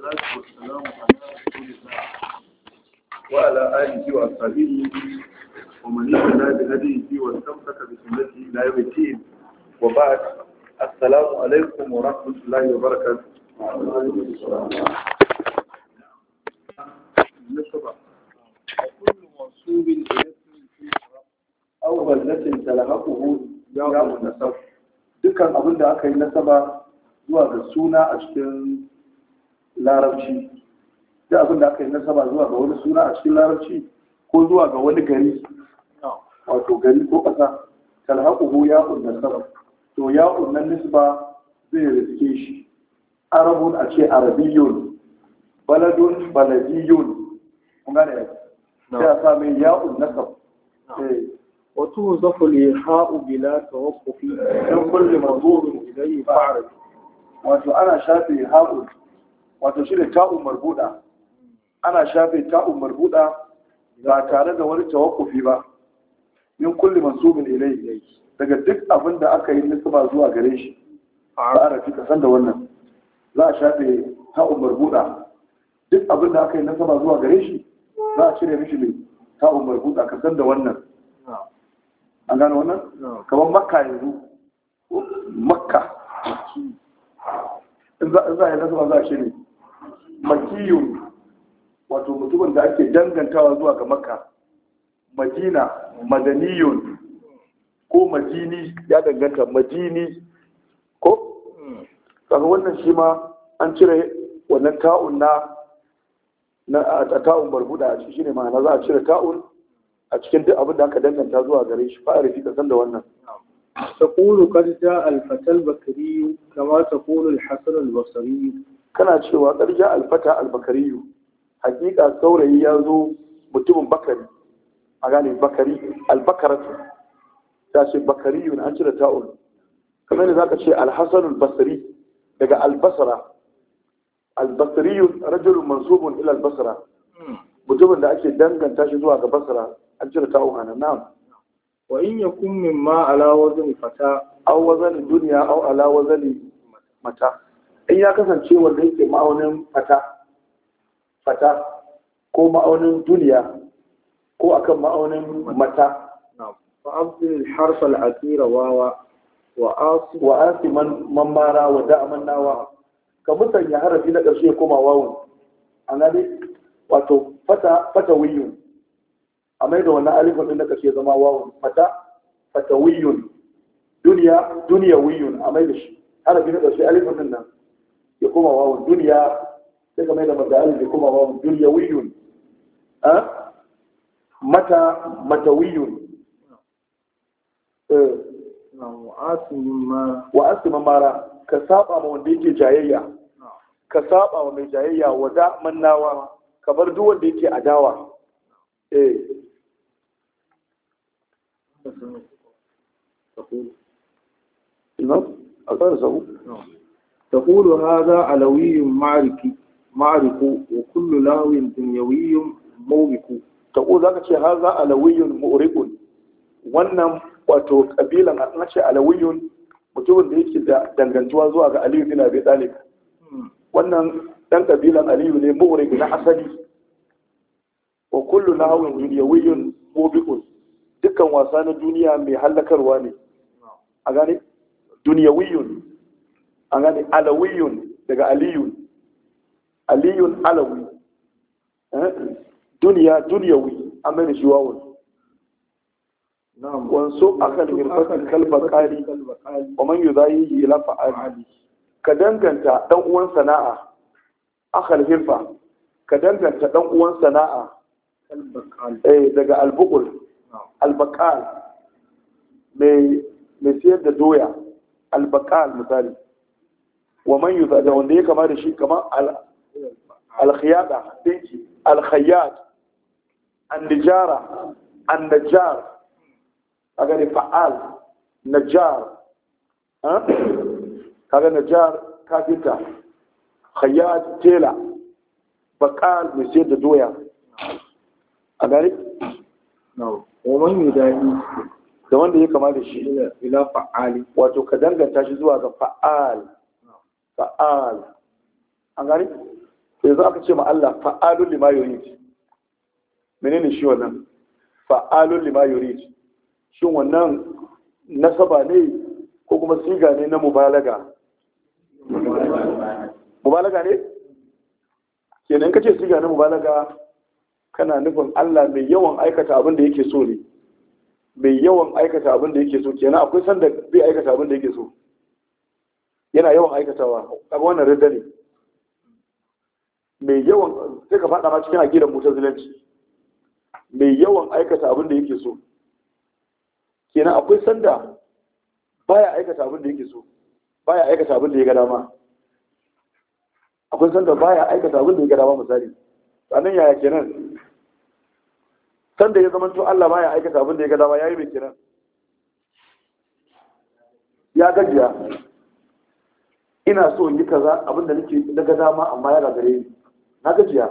salatu wa salamu ala rasuli za wa ala aliki wa salimu wa manisa na bi hadihi wa tabbata bi sunnati ila yawm al-din wa ba'd assalamu alaikum wa rahmatullahi wa barakatuh dukkan abin da aka yi nasaba zuwa ga suna a cikin larabci da abin da aka yi nasaba zuwa ga wani suna a cikin larabci ko zuwa ga wani gari wato gari ko ƙasa talhaquhu ya'un nasaba to ya'un nan nisba zai riske shi arabun a ce arabiyun baladun baladiyun kun gane ya sai a sa mai ya'un nasab eh. wato zafu li ha'u bila tawaqqufi dan kulli mazurun ilayhi fa'rad wato ana shafe ha'un wato shi ne ta'un marbuda ana shafe ta'un marbuda ba tare da wani tawakkufi ba min kulli mansubin ilayhi daga duk abin da aka yi nisba zuwa gare shi a arafi ka san da wannan za a shafe ta'un marbuda duk abin da aka yi nisba zuwa gare shi za a cire mishi mai ta'un marbuda ka san da wannan an gano wannan kamar makka yanzu makka in za a yi nasaba za a cire makiyu wato mutumin da ake dangantawa zuwa ga maka madina madaniyun ko majini ya danganta majini ko kaga wannan shi ma an cire wannan ta'un na na a ta'un barbuda a cikin shine ma'ana za a cire ta'un a cikin duk abin da aka danganta zuwa gare shi fa rufi kasan da wannan تقول قد جاء الفتى البكري كما تقول الحسن البصري kana cewa ƙarja alfata albakariyu hakika saurayi ya zo mutumin bakari a gane bakari albakaratu ta ce bakariyu na an cire ta'ul kamar da za ka ce alhassanul basari daga albasara Albasari albasariyun rajulun mansubun ila albasara mutumin da ake danganta shi zuwa ga basara an cire ta'ul a nan wa in ya yakun mimma ala wazni fata au wazni duniya au ala wazni mata in ya kasance wanda yake ma'aunin fata fata ko ma'aunin duniya ko akan ma'aunin mata fa abdul harf al akira wawa wa asi wa asi man mamara wa da'man nawa ka ya harafi na ƙarshe koma wawun an gane wato fata fata wiyun a mai da wannan alifin din na ƙarshe zama wawun fata fata wiyun duniya duniya wiyun a mai da shi harafi na ƙarshe alifin din nan ya koma wawun duniya sai kamar da mazalin ya koma wawun duniya wiyun mata mata wiyun eh. wa asimin mara ka saba ma wanda yake jayayya ka saba wa mai jayayya wa da mannawa ka bar duk wanda yake adawa eh no a tsara sahu تقول هذا علوي معرك معرك وكل لهو دنيوي موبك تقول ذلك هذا علوي مؤرق wannan wato kabilan na ce alawiyun mutumin da yake da dangantuwa zuwa ga aliyu bin abi talib wannan dan kabilan aliyu ne mu'rig na asali wa kullu lahawin dunyawiyyun mubiqun dukkan wasa na duniya mai hallakarwa ne a gane duniyawiyyun an gani alawiyun daga aliyun aliyun alawi eh? duniya duniyawi an mai shi wawon wanso akan mirfatin kalba kari wa man yi yi lafa ali ka danganta dan uwan sana'a akal hirfa ka danganta dan uwan sana'a eh, daga albukul albakal mai siyar da doya albakal misali wa man yuza da wanda ya kama da shi kamar alkhiyada dinki alkhayyad annijara annajar kaga ne fa'al najar kaga najar kafinta khayyad tela bakal mai da doya a gari? ومن يدعي da wanda ya kama da shi ila fa'ali wato ka danganta shi zuwa ga fa'al fa'al an gani Sai yanzu aka ce ma Allah fa'alun lima yurid menene shi wannan fa'alun lima yurid shin wannan nasaba ne ko kuma siga ne na mubalaga mubalaga ne kenan ce siga na mubalaga kana nufin Allah mai yawan aikata abin da yake so ne mai yawan aikata abin da yake so kenan akwai sanda bai aikata abin da yake so yana yawan aikatawa kaga wannan rinda ne mai yawan sai ka faɗa ma cikin aqidar zilanci mai yawan aikata abin da yake so kenan akwai sanda baya aikata abin da yake so baya aikata abin da ya ga dama akwai sanda baya aikata abin da ya ga dama misali sannan yaya kenan sanda ya zama to Allah baya aikata abin da ya ga dama yayi mai kenan ya gajiya ina so in yi kaza abin da nake na ga dama amma ya gagare ni na gajiya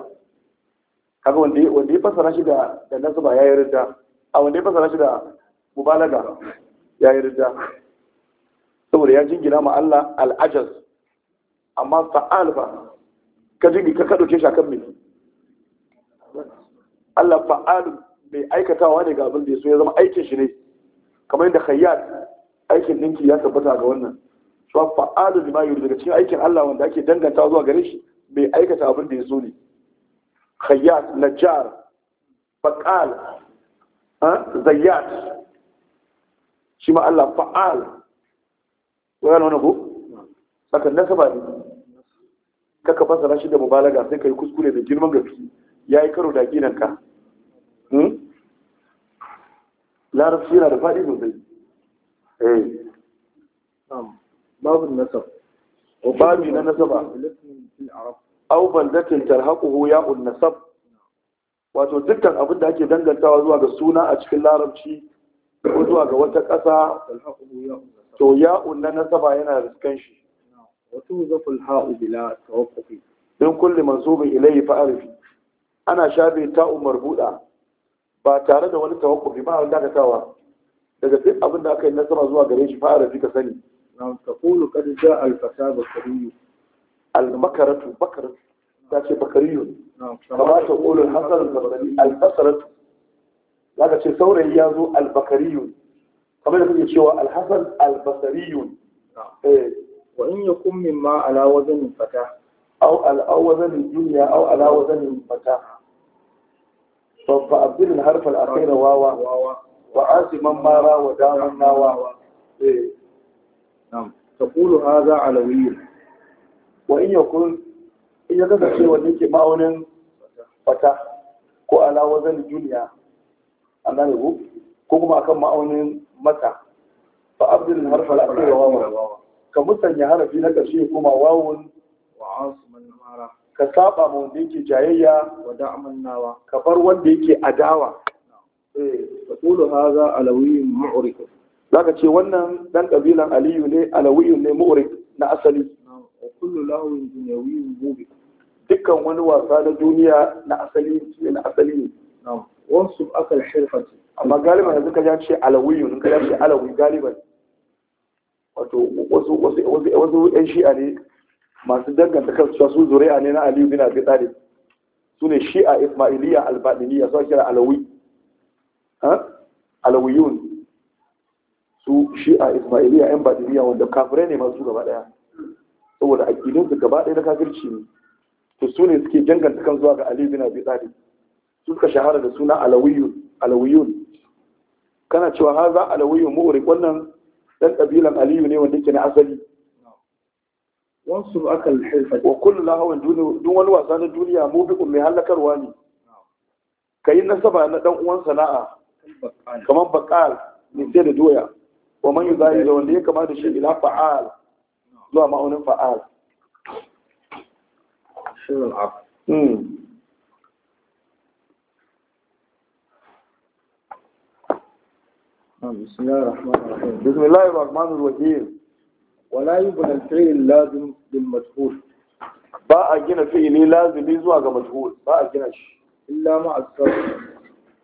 kaga wanda wanda ya fasara shi da da nasaba yayi ridda a wanda ya fasara shi da mubalaga yayi ridda saboda ya jingina ma Allah al-ajaz amma fa'al ba ka jingi ka kadoke shi akan me Allah fa'al mai aikatawa ne ga abin da ya so ya zama aikin shi ne kamar yadda khayyat aikin ninki ya tabbata ga wannan cewa fa'alu bima yuridu daga cikin aikin Allah wanda ake danganta zuwa gare shi bai aikata abin da ya ne khayyat najjar faqal zayyat shi ma Allah fa'al wani wani ko saka nasaba ne kaka fasara shi da mubalaga sai kai kuskure da girman gaske yayi karo da ginan ka hmm? larabci yana da faɗi sosai eh باب النسب وباب النسب na nasaba ترهقه baldatin النسب ya'un nasab wato dukkan abin da ake dangantawa zuwa ga suna a cikin larabci ko zuwa ga wata ƙasa to ya unna nasaba yana riskan shi wato zaful ha'u bila tawaqqufi don kulli mansubi ilayhi fa arifi ana ta umar buda ba tare da wani tawaqqufi ba tawa daga duk abin da aka yi nasaba zuwa gare shi fa arifi ka sani نعم تقول قد جاء الفتى بكري المكرة بكرة تاتي بكري كما تقول الحسن البصري البصرة zaka ce saurayi ya zo albakariyun kamar da kuke cewa alhassan albakariyun eh. wa in ya kun min ma ala wazanin fata au al'au wazanin duniya au ala wazanin fata babba abdulin harfal akhira wawa mara wa daman nawa na'am taqulu hadha alawiyyun wa in yakun in ya kasance wanda yake ma'aunin fata ko ala wazan duniya an gane ku ko kuma akan ma'aunin mata fa abdul harfa la akira wawa ka musanya harafi na karshe kuma wawun wa asman mara ka saba ma wanda yake jayayya wa da'man ka bar wanda yake adawa eh taqulu hadha alawiyyun mu'rikun za ka ce wannan dan ƙabilan aliyu ne alawiyu ne mu'urik na asali dukkan wani wasa na duniya na asali ne na asali ne wasu akal shirfati amma galiban yanzu ka ce alawiyun ka ce alawi galiban wato wasu wasu yan shi'a ne masu danganta kansu su zuri'a ne na aliyu bin abi talib su ne shi'a ismailiyya albadiniya su kira alawi alawiyun su shi'a ismailiya yan badiriya wanda kafirai ne masu gaba daya saboda aƙidun su gaba daya na kafirci ne to su ne suke danganta kan zuwa ga ali bin abi talib su suka shahara da suna alawiyun alawiyun kana cewa ha za alawiyun mu'rik wannan dan kabilan aliyu ne wanda yake na asali wansu akal hilfa wa kullu lahawan dun wani wasa na duniya mu bi ummi halakarwa ne yi nasaba na dan uwan sana'a kamar bakal ne sai da doya ومن يبايد وانده كما تشير الى فعال لو ما اون فعال شنو العرب نعم، بسم الله الرحمن الرحيم بسم الله الرحمن الرحيم ولا يبنى الفعل اللازم للمجهول با اجينا فعلي لازم يزوا مجهول با اجينا الا مع الصرف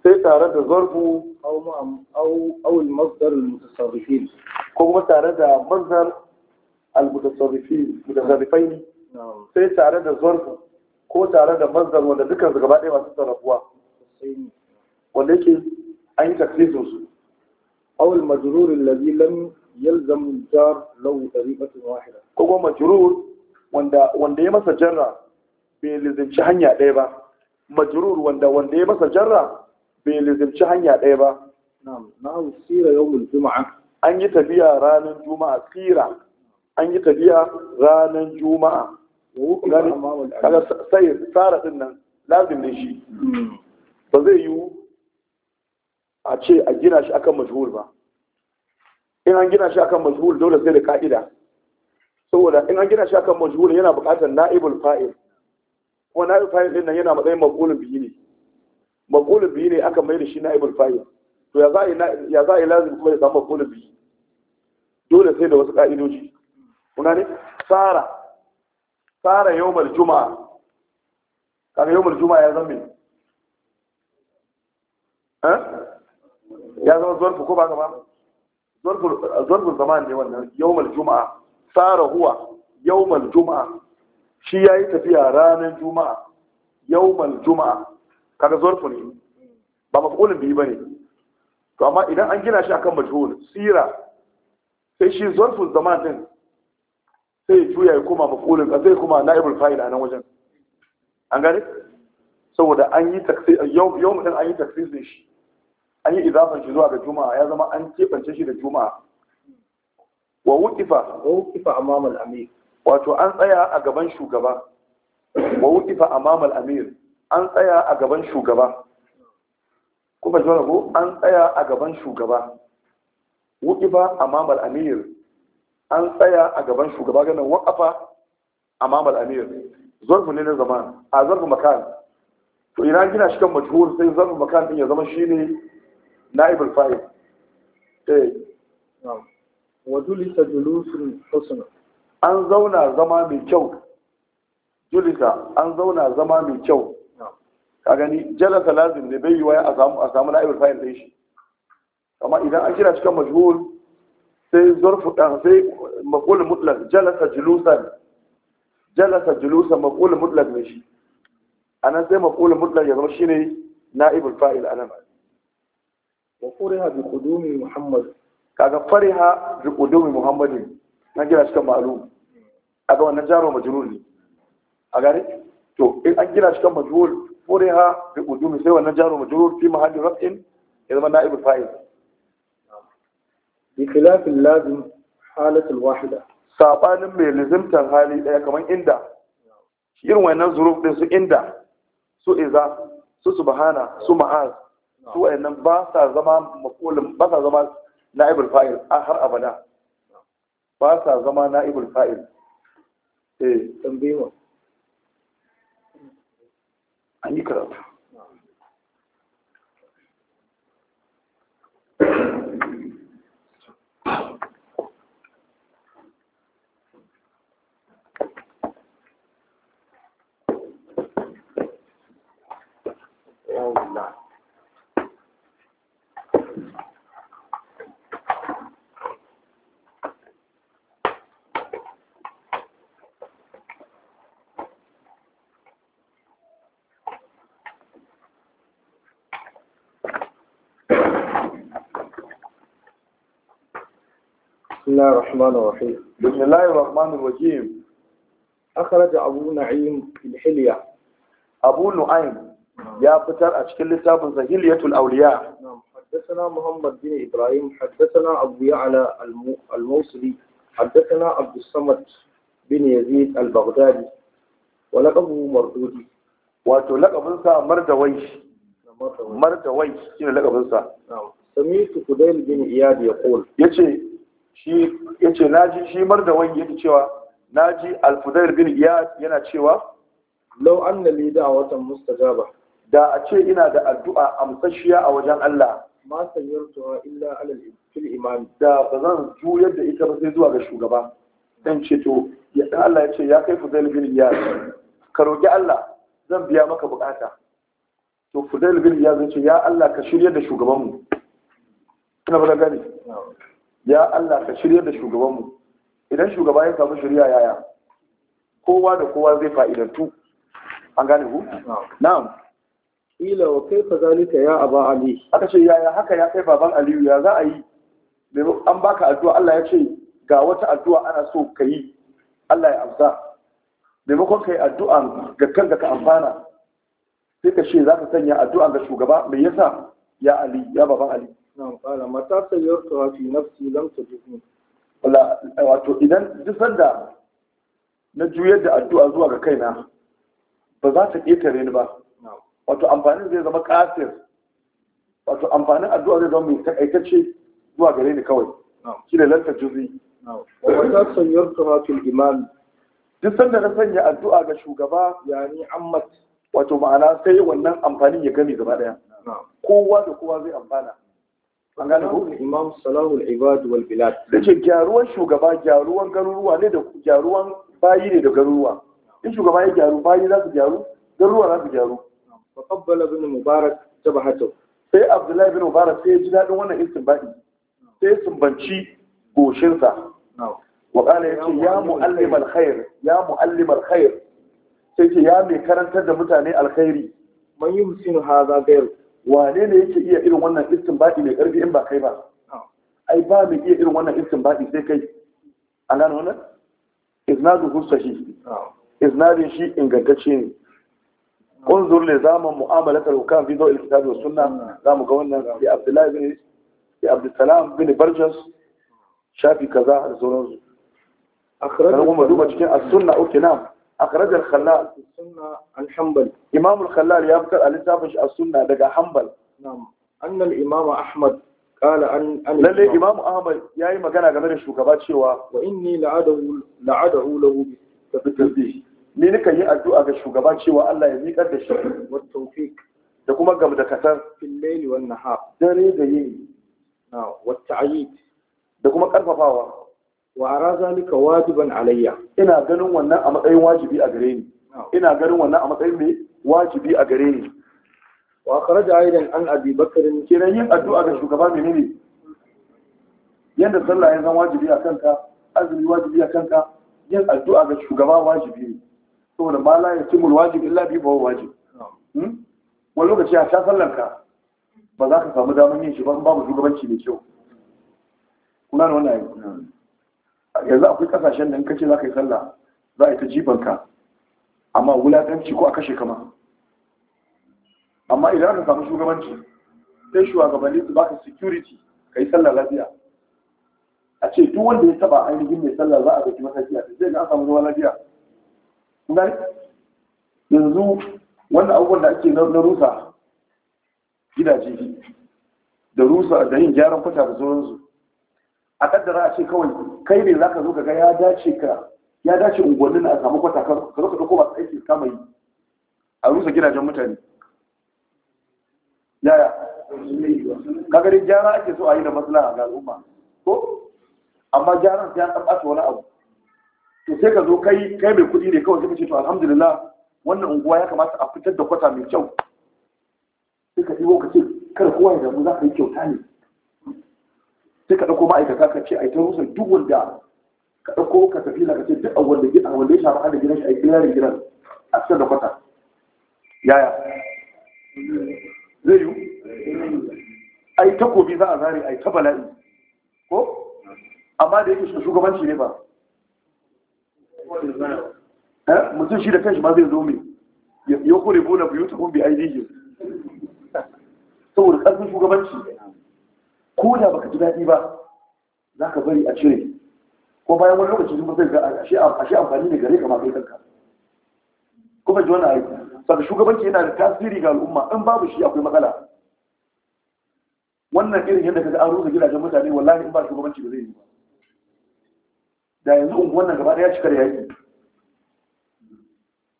sai tare da zarfu au al-masdar al-mutasarrifin ko kuma tare da masdar al-mutasarrifin mutasarrifain sai tare da zarfu ko tare da masdar wanda dukkan su gaba ɗaya masu sarrafuwa wanda yake an yi takfisin su au al-majrur alladhi lam yalzam al-jar lahu tariqatan wahida ko kuma majrur wanda wanda ya masa jarra bai lizinci hanya ɗaya ba majrur wanda wanda ya masa jarra bai lizimci hanya ɗaya ba na sira yawon juma'a an yi tafiya ranar juma'a tsira. an yi tafiya ranar juma'a kaga sai tsara ɗin nan lazim ne shi hmm. ba zai yiwu a ce a gina shi akan majhul ba in an gina shi akan majhul dole sai da ka'ida saboda in an gina shi akan majhul yana buƙatar na'ibul fa'il kuma na'ibul fa'il ɗin nan yana matsayin maqulun biyu ne maqulun biyu ne aka mai da shi na'ibul fa'il to ya za a yi ya lazim kuma ya samu maqulun biyu dole sai da wasu ƙa'idoji. kuna ne sara sara yawmal juma'a kaga yawmal juma'a ya zama eh ya zama zarfu ko ba ka ba zarfu zama ne wannan yawmal juma'a sara huwa yawmal juma'a shi ya yi tafiya ranar juma'a yawmal juma'a kaga zorfu ne ba maf'ulun bihi bane to amma idan an gina shi akan majhul sira sai shi zorfu zaman din sai ya juya ya koma maf'ulun ka zai koma naibul fa'il a nan wajen an gane saboda an yi taksir yau yau din an yi taksir din shi an yi idafan shi zuwa ga juma'a ya zama an kebance shi da juma'a wa wuqifa wa wuqifa amama amir wato an tsaya a gaban shugaba wa wuqifa amama al-amir an tsaya a gaban shugaba kuma ji ko an tsaya a gaban shugaba wuƙi ba a mamal amir an tsaya a gaban shugaba ganin waƙafa a mamal amir zarfu ne na zama a zarfu makan to ina gina shi kan majhul sai zarfu makan din ya zama shine na'ibul fa'il eh wa julisa julusun husna an zauna zama mai kyau julisa an zauna zama mai kyau ka gani jalasa lazim ne bai yi waya a samu la'ibar samu da shi amma idan an kira cikin majhul sai zurfu dan eh, sai maqul mutlaq jalasa julusan jalasa julusan maqul mutlaq ne shi nan sai maqul mutlaq ya zama shine na'ibul fa'il anan wa furiha bi qudumi muhammad kaga fariha bi qudumi muhammadin na kira cikin ma'lum aga wannan jaro majrur ne a gare to in an kira cikin majhul furiha bi qudumi sai wannan jaru majrur fi mahalli raf'in ya zama na'ibul fa'il bi khilaf al-lazim halat al mai lazimtan hali daya kaman inda irin wannan zuruf su inda su iza su subhana su ma'az su wayannan ba sa zama maqulun ba har abada ba sa zama Николаевна. بسم الله الرحمن الرحيم بسم الله الرحمن الرحيم أخرج أبو نعيم في الحلية أبو نعيم يا فتر أشكل لتاب زهلية الأولياء نعم حدثنا محمد بن إبراهيم حدثنا أبو يعلى الموصلي حدثنا عبد الصمد بن يزيد البغدادي ولقبه مردودي wato lakabinsa mardawai mardawai shine lakabinsa samitu kudail bin iyad ya qul yace shi ya yace naji shi wani yadda cewa naji ji fudair bin ya yana cewa Lau law a watan da'watan mustajaba da a ce ina da addu'a amsashiya a wajen Allah ma sayyartuha illa alal fil iman da ba zan juyar da ita ba sai zuwa ga shugaba dan ce to ya dan Allah ya ce ya kai fudail bin ya ka roki Allah zan biya maka bukata to fudail bin iyad ya ce ya Allah ka shirye da shugabanmu kana ba ya Allah ka shirya da shugabanmu idan shugaba ya samu shirya yaya kowa da kowa zai fa'idantu an gane ku na'am ila wa kaifa zalika ya aba ali aka ce yaya haka ya kai baban aliyu ya za a yi an baka addu'a Allah ya ce ga wata addu'a ana so ka yi Allah ya amsa maimakon ka yi addu'a ga kanka ka amfana sai ka ce za ka sanya addu'a ga shugaba mai yasa ya ali ya baban ali Na'am qala mata sayyartuha fi nafsi lam tajidni. Wala wato idan duk sanda na juyar da addu'a zuwa ga kaina ba za ta ƙetare ni ba. Wato amfanin zai zama ƙasir. Wato amfanin addu'a zai zama mai takaitacce zuwa gare ni kawai. Shi da lanta juzi. Wata sanyar tumatul imam. Duk sanda na sanya addu'a ga shugaba yani ammat. Wato ma'ana sai wannan amfanin ya gani gaba ɗaya. Kowa da kowa zai amfana. imam salahul ibad wal bilad dace gyaruwan shugaba gyaruwan garuruwa ne da gyaruwan bayi ne da garuruwa in shugaba ya gyaru bayi za su gyaru garuruwa za su gyaru fa qabbala ibn mubarak jabhatu sai abdullahi ibn mubarak sai ya ji dadin wannan istinbadi sai ya sumbanci goshinsa wa qala yace ya muallim alkhair ya muallim alkhair sai ce ya mai karantar da mutane alkhairi man yusinu hadha gairu wane ne yake iya irin wannan istinbadi mai karfi in ba kai ba ai ba mu iya irin wannan istinbadi sai kai an gano wannan isnadu husahi isnadin shi ingantacce ne unzur li zaman mu'amalat al-hukam fi dawl al-kitab wa sunnah zamu ga wannan bi abdullahi bin bi abdussalam bin barjas shafi kaza da sauransu akhraj kuma duba cikin as-sunnah uke na akhraj al-khallal as-sunnah al-hanbali imam al-khallal ya fitar al-littafin shi as-sunnah daga hanbal na'am annal imamu ahmad kala an lalle imamu ahmad yayi magana game da shugaba cewa wa inni la'adahu la'adahu lahu bi tasbih ni nika yi addu'a ga shugaba cewa Allah ya miƙar da shi wa tawfiq da kuma gam da katar fil layli wan nahar dare da yini na wa ta'yid da kuma karfafawa wa ara zalika wajiban alayya ina ganin wannan a matsayin wajibi a gare ni ina ganin wannan a matsayin me wajibi a gare ni wa kharaja aidan an abi bakr kiran yin addu'a ga shugaba menene yanda sallah ya zama wajibi a kanka azumi wajibi a kanka yin addu'a ga shugaba wajibi ne saboda ma la yatimul wajib illa bi bawa wajib hmm? wani lokaci a sha sallar ka ba za ka samu damar yin shi ba babu shugabanci mai kyau kuna da wannan yanzu akwai kasashen da in kace za ka yi sallah za a yi ta jibanka amma wulaƙanci ko a kashe kama amma idan aka samu shugabanci sai shugabanni su baka security ka yi sallar lafiya a ce duk wanda ya taba ainihin mai sallar za a zaki mataki a cikin da an samu zama lafiya yanzu wanda abubuwan da ake na rusa gidaje da rusa da yin gyaran kwata da sauransu a kaddara a ce kawai kai ne za ka zo ga ya dace ka ya dace unguwannin a samu kwata ka zo ka ɗauko masu aiki kama yi a rusa gidajen mutane yaya kaga dai gyara ake so a yi da maslaha ga al'umma ko amma gyaran sai an tabbata wani abu to sai ka zo kai kai mai kudi ne kawai sai ce to alhamdulillah wannan unguwa ya kamata a fitar da kwata mai kyau sai ka ɗibo ka ce kar kowa ya damu za ka yi kyauta ne sai ka ɗauko ma'aikata ka ce a yi ta rusa duk wanda ka ɗauko ka tafi ka ce duk wanda gida wanda ya shafi hada gidan shi a yi gidan a fitar da kwata yaya zai yi ai takobi za a zare yi ta bala'i ko amma da yake shugabanci ne ba eh, mutum shi da kanshi ma zai zo mai ya kore bona biyu ta kumbi aidiji saboda ƙarfin shugabanci ko da baka ji daɗi ba za ka bari a cire ko bayan wani lokaci sun zai ga ashe amfani da gare ka ma kai kanka kuma ji wani aiki sabu shugabanci yana da tasiri ga al'umma in babu shi akwai matsala wannan irin yadda kaga an rusa gidajen mutane wallahi in ba shugabanci ba zai yi ba da yanzu unguwan nan gaba ya cika da yaki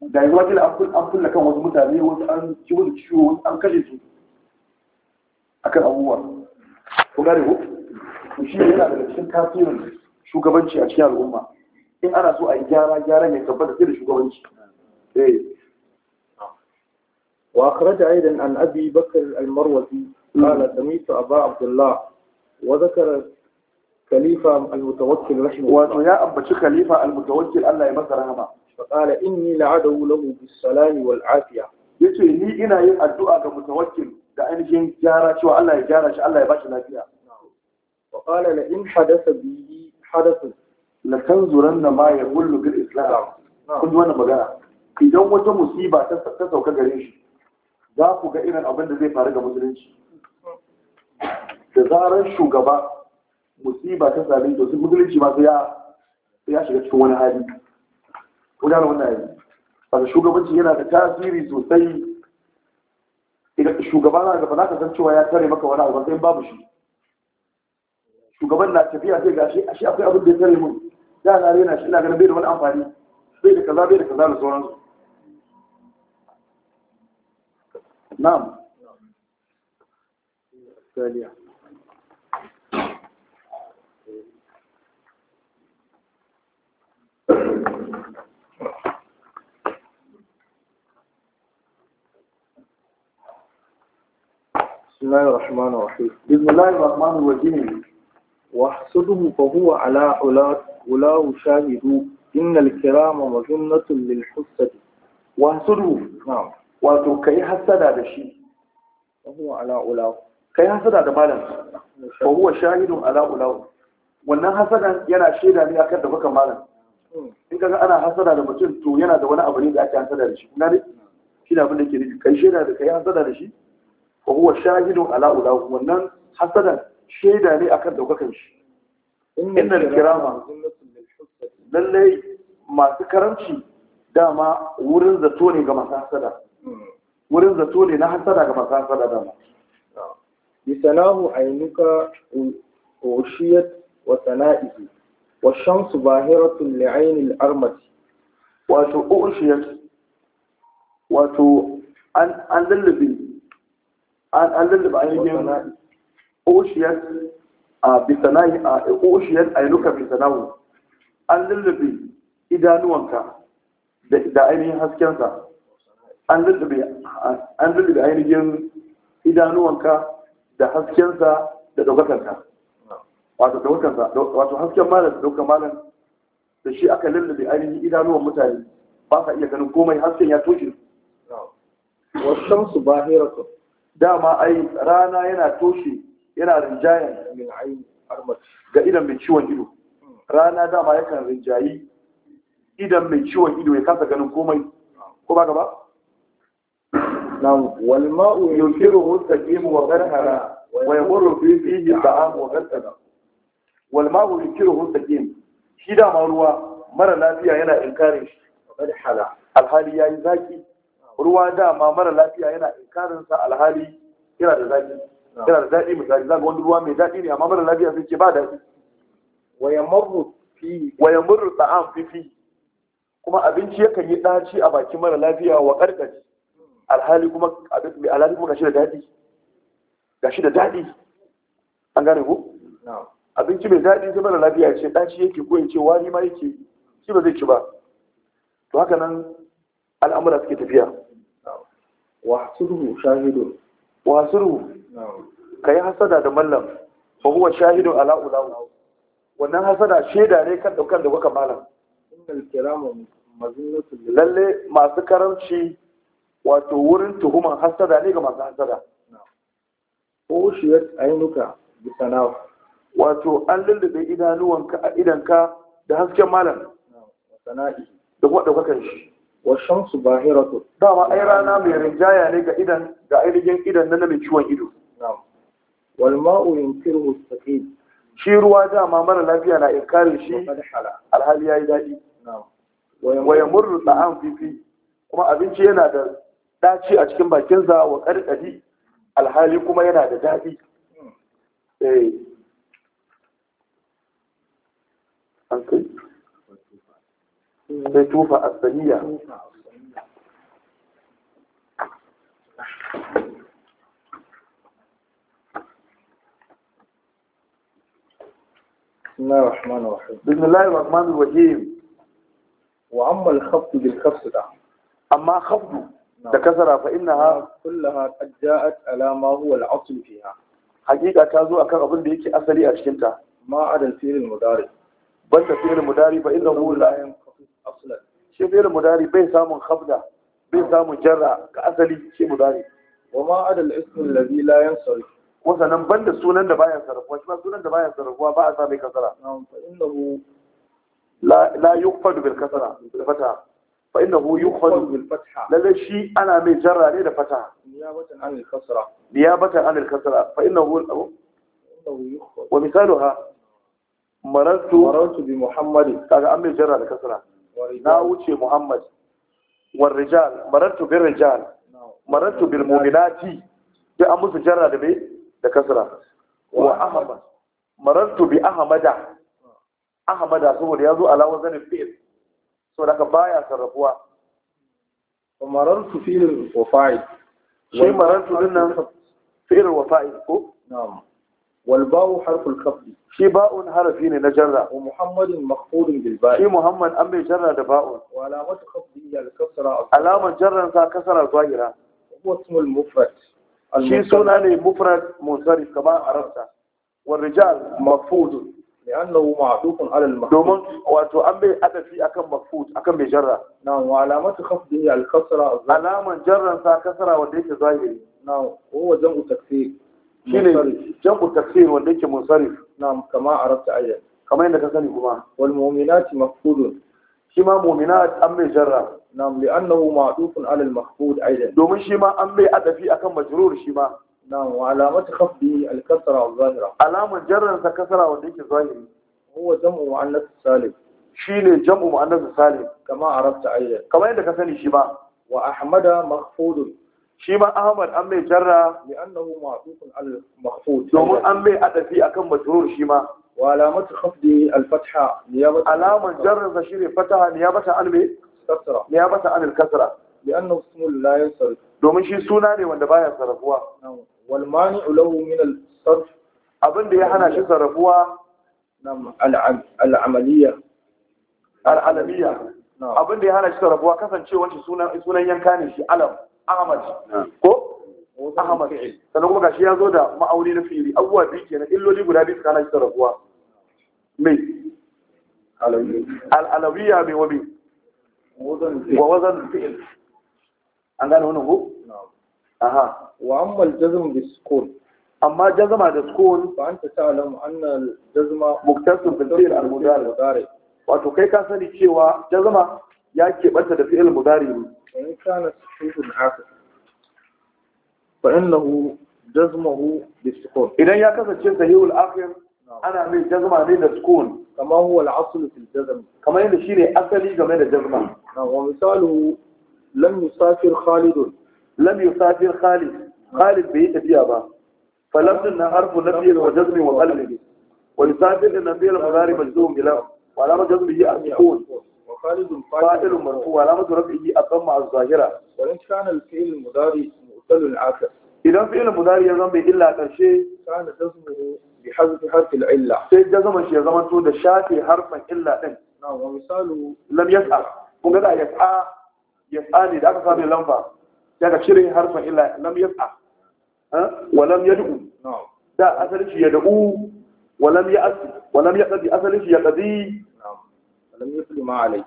da yanzu wakil an kulla kan wasu mutane wasu an ci wasu ciwo wasu an kashe su akan abubuwa ko gare ko to shi yana daga cikin tasirin shugabanci a cikin al'umma in ana so a yi gyara gyara mai tabbata sai da shugabanci eh وأخرج أيضا عن أبي بكر المروزي قال سميت أبا عبد الله وذكر خليفة المتوكل رحمه الله ويا أبا خليفة المتوكل ألا يمسر هما فقال إني لعدو له بالسلام والعافية yace ni ina yin addu'a ga mutawakkil da ainihin gyara cewa Allah ya gyara Allah ya bashi lafiya wa qala la in hadatha bi hadatha la kanzuranna ma yaqullu bil islam kun magana idan wata musiba ta sauka gare shi za ku ga irin abin da zai faru ga musulunci da zarar shugaba musiba ta sami to sun musulunci masu ya ya shiga cikin wani hali ko da wannan hali wanda shugabanci yana da tasiri sosai idan shugaba na gaba za ka san cewa ya tare maka wani abu sai babu shi shugaban na tafiya sai gashi a shi akwai abin da ya tare mun da na rena shi ina ganin bai da wani amfani bai da kaza bai da kaza da sauransu نعم بسم الله الرحمن الرحيم بسم الله الرحمن الرحيم واحسده فهو على علا علا شاهد إن الكرام مظنة للحسد واحسده نعم wato ka yi hasada da shi ka yi hasada da malam wa huwa shahidun ala'ulawu. wannan hasadan yana shaida ne akan da baka malam in ka ga ana hasada da mutum to yana da wani abu ne da ake hasada da shi kuna ne shi da abin da ke nufi kai shaida da kai hasada da shi wa huwa shahidun ala'ulawu. wannan hasadan shaida ne akan baka shi innal kirama lallai masu karamci dama wurin zato ne ga masu hasada wurin zato ne na hansada ga masu da dama bisanahu ainuka ushiyat wa sana'ihi wa shamsu bahiratun li'ain al-armati wato ushiyat wato an lullube an lullube ainihin ushiyat a bisanahi a ushiyat ainuka bisanahu an lullube idanuwanka da ainihin haskensa an lullube ainihin idanuwanka da haskensa da ɗaukakanka wato ɗaukakansa wato hasken malam da ɗaukar malam da shi aka lullube ainihin idanuwan mutane ba sa iya ganin komai hasken ya toshe wasan su ba heratu dama ai rana yana toshe yana rinjayen ga idan mai ciwon ido rana dama yakan rinjayi idan mai ciwon ido ya kasa ganin komai ko ba gaba نعم والماء ينكره السقيم وغرهرا ويمر في فيه الطعام وغرهرا والماء ينكره السقيم shi dama ruwa mara lafiya yana inkarin shi alhali ya yi zaki ruwa dama mara lafiya yana inkarin sa yana da zaki yana da daɗi misali zaga wani ruwa mai daɗi ne amma mara lafiya sai ce ba daɗi wayan murru ta'am fifi kuma abinci yakan yi ɗaci a bakin mara lafiya wa ƙarƙaci alhali kuma alhali kuma gashi da daɗi gashi da daɗi an gane ko abinci mai daɗi sai mara lafiya ce ɗaci yake koyin cewa ni ma yake shi ba zai ci ba to haka nan al'amura suke tafiya wa surhu shahidu wa surhu kai hasada da mallam fa huwa shahidu ala ulahu wannan hasada shaida ne kan daukan da kuka malam innal lalle masu karamci wato wurin tuhuman hasada ne ga masu hasada ko shiyar ainuka bisa nawa wato an lullube idanuwanka a idanka da hasken malam da kuma kan shi wa shamsu bahiratu dama ai rana mai rinjaya ne ga idan ga ainihin idan na mai ciwon ido wal ma'u yunkiru saqil shi ruwa dama mara lafiya na kare shi alhali ya yi daɗi. wa yamurru ta'am fifi kuma abinci yana da ce a cikin bakinsa wa ƙarƙari alhali kuma yana da daɗi eh. an kai sai tufa a saniya بسم الله الرحمن الرحيم الخفض بالخفض da kasara fa innaha kullaha qad ja'at ala ma huwa al-asl fiha hakika ta zo akan abin da yake asali a cikin ta ma adal fi'il mudari banda fi'il mudari fa innahu la yanqatis aslan shi fi'il mudari bai samun khabda bai samun jarra ka asali shi mudari wa ma adal ism alladhi la yansarif ban da sunan da baya sarrafuwa shi ma sunan da baya sarrafuwa ba a sa mai kasara la la yuqfadu bil kasara fata fa innahu yukhadu bil fatha lalle shi ana mai jarra da fataha niyabatan anil kasra niyabatan anil kasra fa innahu wa misaluha marantu marantu bi muhammad kaga an mai jarra da kasra na wuce muhammad wal rijal marantu bil rijal marantu bil mu'minati duk an musu jarra da da wa ahmad marantu bi saboda so daga baya sarrafuwa umaran su filin wafa'i shi marar su dinnan filin wafa'i ko na'am wal ba'u harful kafli shi ba'un harafi ne na jarra wa muhammadin maqfudun bil shi muhammad an bai jarra da ba'un wa alamatu kafli al kasra alaman jarran sa kasra zahira huwa ismul mufrad shi suna ne mufrad munsarif kama arabta wal rijal mafudun لأنه معطوف على المخفوض دومن واتو أم بي أدفي أكم مخفوض أكم بجرة نعم وعلامة خفضه الكسرة علامة جرة سا كسرة وديك ظاهري نعم وهو جمع تكسير شيني جمع تكسير وديك منصرف نعم كما عرفت أيضا كما إنك سني كما والمؤمنات مخفوض شما مؤمنات أم بجرة نعم لأنه معطوف على المخفوض أيضا دومن شما أم بي أدفي أكم مجرور شما نعم وعلامة خفضه الكسرة الظاهرة علامة جرر كسرة وديك ظاهري هو جمع مؤنث سالم شيل جمع مؤنث سالم كما عرفت أيضا كما عندك سالي شيما وأحمد مخفوض شيما أحمد أمي جرى لأنه معطوف على المخفوض دوم أمي أدفي أكم مجرور شيما وعلامة خفضه الفتحة نيابة علامة جرر شيل فتحة نيابة عن مي كسرة نيابة عن الكسرة لأنه اسم لا ينصرف دوم شي سونا ne wanda baya sarrafuwa wal mani'u lahu min al sarf abin ya hana shi sarrafuwa nam al amaliya al alamiya abin ya hana shi sarrafuwa kasancewar shi sunan sunan yanka ne shi alam ahmad ko ahmad sannan kuma gashi ya zo da ma'auni na firi. abubuwa biyu kenan illoli guda biyu suka hana shi sarrafuwa mai al'alawiya mai wabi wa wazan fi'il an gane wani ko aha wa ammal jazm bi sukun amma jazma da sukun fa anta ta'lam anna jazma muktasab bi fi'l al-mudari wato kai ka sani cewa jazma ya keɓanta da fi'il mudari ne in kana sukun haka fa innahu jazmuhu bi sukun idan ya kasance sahihul akhir ana mai jazma ne da sukun kamar huwa al-asl fi al-jazm kamar yadda shine asali game da jazma wa misalu lam yusafir khalidun lam yusafir khalid khalid bai tafiya ba falam na harfu nafi wa jazmi wa qalbi wa yusafir nafi al mudari majzum bila wa alama jazmi ya asqul وخالد فاعل مرفوع علامة رفعه أقام مع الظاهرة ولن كان الفعل المضارع مؤتل العاكس إذا فعل المضارع يزم إلا كالشيء كان جزمه بحذف حرف العلة شيء جزم الشيء زمن تود شاتي حرفا إلا إن نعم ومثاله لم يسعى وقد يسعى يسعى لذلك صار لنفع daga cire harfin illa lam yas'a wa lam yad'u da asalin shi da'u. wa lam ya'ti wa lam yaqdi asalin shi yaqdi wa lam yafli ma alayhi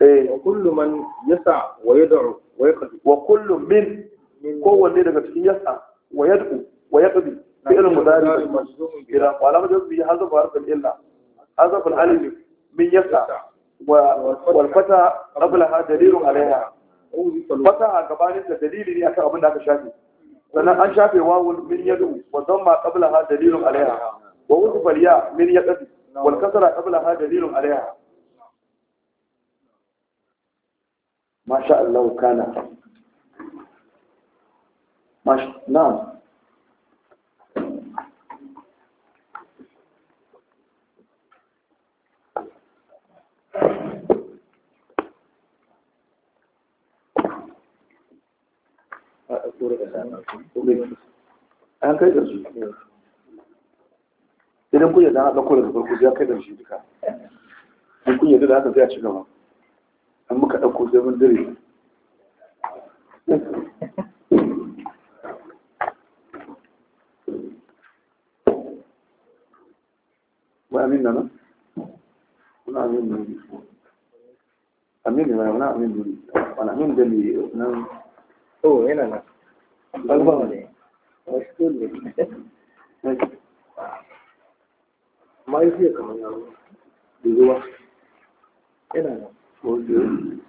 eh wa kullu man yas'a wa yad'u wa yaqdi wa kullu min kowanne daga cikin yas'a wa yad'u wa yaqdi fi'l mudari majzum bi ra wa lam yadbi hadhafu harfin illa hadhafu al-alif min yas'a والفتى قبلها دليل عليها fataha gabanin da dalili ne akan abin da aka shafe sannan an shafe wawul min yadu wa zamma qablaha dalilun alaiha wa wuzufa ya min yaqdi wal kasra qablaha dalilun alaiha ma sha Allah kana ma na'am an kai ƙarshe idan kun yadda an ɗauko daga farko ya kai ƙarshe duka in kun yadda da haka zai a ci gaba an muka ɗauko sai mun dare وأمين لنا ونأمين لنا أمين لنا ونأمين لنا ونأمين لنا أوه هنا نفسه Akwai gwani masu ɗin nema ne? Ba zama da ruwa